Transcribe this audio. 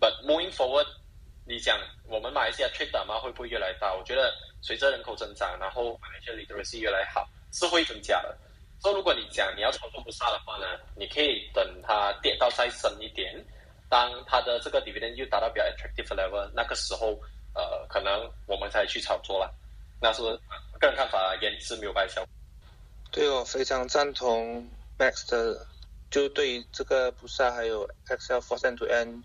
But moving forward，你講我們馬來西亞 trader 嘛，會不會越來越大？我覺得隨着人口增長，然後馬來西亞 literacy 越來越好，是會增加的。所、so, 以如果你講你要操作 Bursa 的話呢，你可以等它跌到再深一點，當它的這個 dividend 又達到比較 attractive level，那個時候，呃，可能我們才去操作了。那是，不是個人看法、啊，言之沒有怪笑。對我非常贊同 Max 的，就對於這個 Bursa 還有 Excel for c e n d to end。